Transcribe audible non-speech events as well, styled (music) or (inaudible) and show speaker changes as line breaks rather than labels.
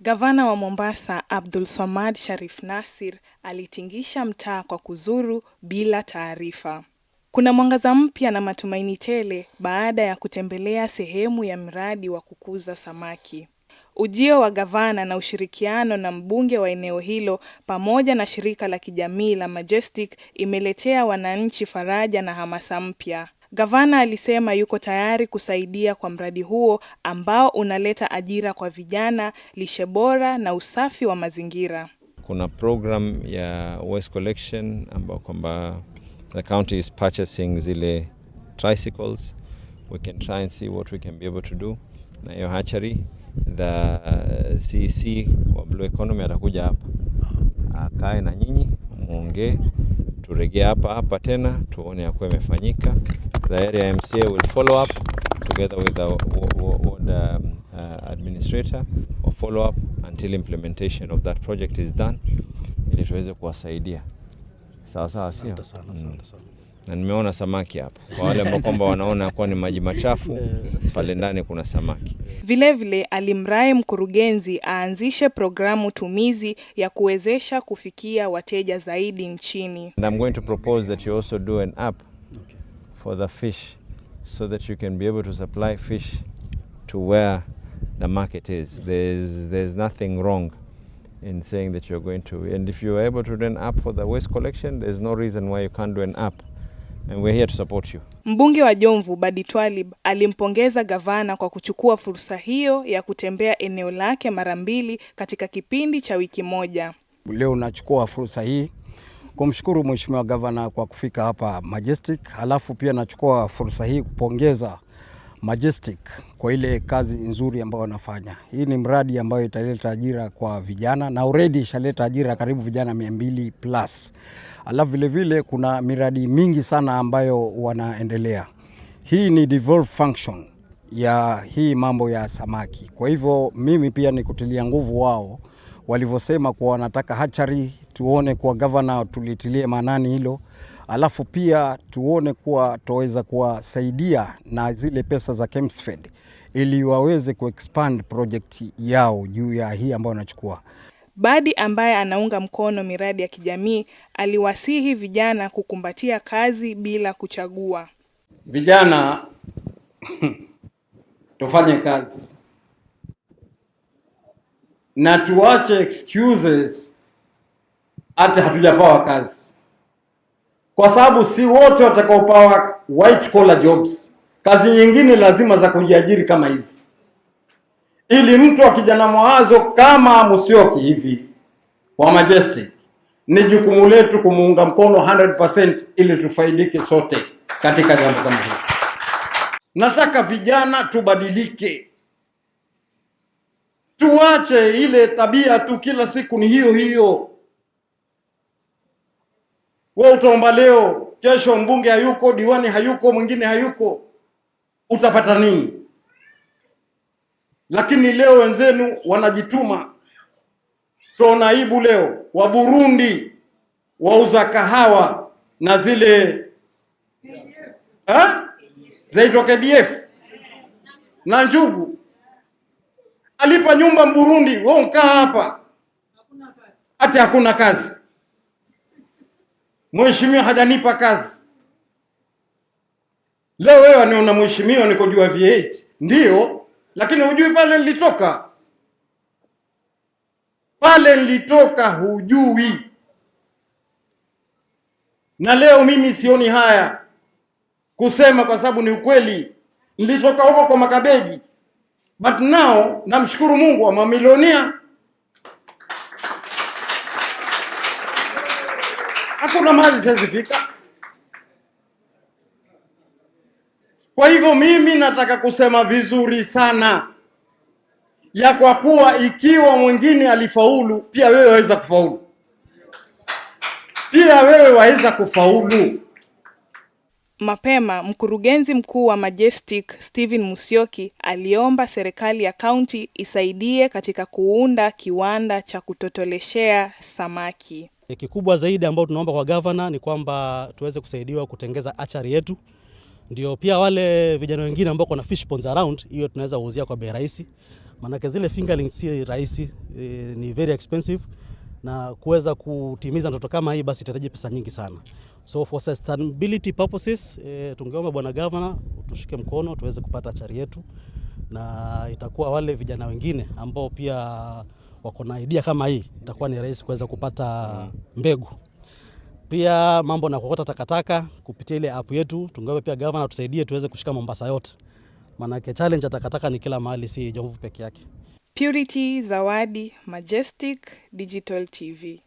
Gavana wa Mombasa Abdul Swamad Sharif Nasir alitingisha mtaa kwa kuzuru bila taarifa. Kuna mwangaza mpya na matumaini tele baada ya kutembelea sehemu ya mradi wa kukuza samaki. Ujio wa gavana na ushirikiano na mbunge wa eneo hilo pamoja na shirika la kijamii la Majestic imeletea wananchi faraja na hamasa mpya. Gavana alisema yuko tayari kusaidia kwa mradi huo ambao unaleta ajira kwa vijana, lishe bora na usafi wa mazingira.
Kuna program ya waste collection ambao kwamba the county is purchasing zile tricycles. We can try and see what we can be able to do na hiyo hachari The CC wa Blue Economy atakuja hapa akae na nyinyi muongee turegea hapa hapa tena tuone yakuwa imefanyika. The area MCA will follow up together with the um, uh, administrator or follow up until implementation of that project is done, ili tuweze kuwasaidia sawa sawa, sio? Mm na nimeona samaki hapa. Kwa wale ambao kwamba wanaona kuwa ni maji machafu, pale ndani kuna samaki.
Vilevile alimrai mkurugenzi aanzishe programu tumizi ya kuwezesha kufikia wateja zaidi nchini.
And I'm going to propose that you also do an app for the fish so that you can be able to supply fish to where the market is. There's, there's nothing wrong in saying that you're going to and if you're able to do an app for the waste collection there's no reason why you can't do an app And we're here to support you.
Mbunge wa Jomvu Badi Twalib alimpongeza gavana kwa kuchukua fursa hiyo ya kutembea eneo lake mara mbili katika kipindi cha wiki moja.
Leo nachukua fursa hii kumshukuru Mheshimiwa Gavana kwa kufika hapa Majestic, halafu pia nachukua fursa hii kupongeza Majestic kwa ile kazi nzuri ambayo wanafanya. Hii ni mradi ambayo italeta ajira kwa vijana na already ishaleta ajira karibu vijana 200 plus. Alafu vilevile kuna miradi mingi sana ambayo wanaendelea. Hii ni devolve function ya hii mambo ya samaki. Kwa hivyo mimi pia ni kutilia nguvu wao walivyosema kuwa wanataka hachari, tuone kwa governor tulitilie maanani hilo alafu pia tuone kuwa tuweza kuwasaidia na zile pesa za Kemsfed ili waweze kuexpand project yao juu ya hii ambayo wanachukua.
Badi ambaye anaunga mkono miradi ya kijamii aliwasihi vijana kukumbatia kazi bila kuchagua.
Vijana (clears throat) tufanye kazi na tuache excuses hata hatujapawa kazi kwa sababu si wote watakaopawa white collar jobs, kazi nyingine lazima za kujiajiri kama hizi, ili mtu akija na mawazo kama Musyoki hivi wa Majestic, ni jukumu letu kumuunga mkono 100% ili tufaidike sote katika jambo kama hili. Nataka vijana tubadilike, tuache ile tabia tu kila siku ni hiyo hiyo wewe utaomba leo, kesho mbunge hayuko, diwani hayuko, mwingine hayuko, utapata nini? Lakini leo wenzenu wanajituma. Tuna aibu leo, burundi wauza kahawa na zile eh? zaitwa KDF na njugu. Alipa nyumba Mburundi, wewe nkaa hapa, hata hakuna kazi. Mheshimiwa hajanipa kazi. Leo wewe anaona mheshimiwa niko juu ya V8, ndio, lakini hujui pale nilitoka, pale nilitoka hujui. Na leo mimi sioni haya kusema, kwa sababu ni ukweli. Nilitoka huko kwa makabeji, but now namshukuru Mungu wa mamilionia hakuna mali siwezi Kwa hivyo mimi nataka kusema vizuri sana ya kwa kuwa ikiwa mwingine alifaulu, pia wewe waweza kufaulu, pia wewe waweza kufaulu.
Mapema mkurugenzi mkuu wa Majestic Steven Musyoki aliomba serikali ya kaunti isaidie katika kuunda kiwanda cha kutotoleshea samaki.
Kikubwa zaidi ambao tunaomba kwa gavana ni kwamba tuweze kusaidiwa kutengeza achari yetu, ndio pia wale vijana wengine ambao kuna fish ponds around, hiyo tunaweza kuuzia kwa bei rahisi, maanake zile fingerlings si rahisi, e, ni very expensive na kuweza kutimiza ndoto kama hii basi itahitaji pesa nyingi sana. So for sustainability purposes e, tungeomba bwana gavana tushike mkono tuweze kupata achari yetu, na itakuwa wale vijana wengine ambao pia wako na idea kama hii, itakuwa ni rahisi kuweza kupata mm. mbegu. Pia mambo na kuokota takataka kupitia ile app yetu, tungeomba pia gavana tusaidie tuweze kushika Mombasa yote, maanake challenge ya takataka ni kila mahali, si Jomvu peke yake.
Purity Zawadi, Majestic Digital TV.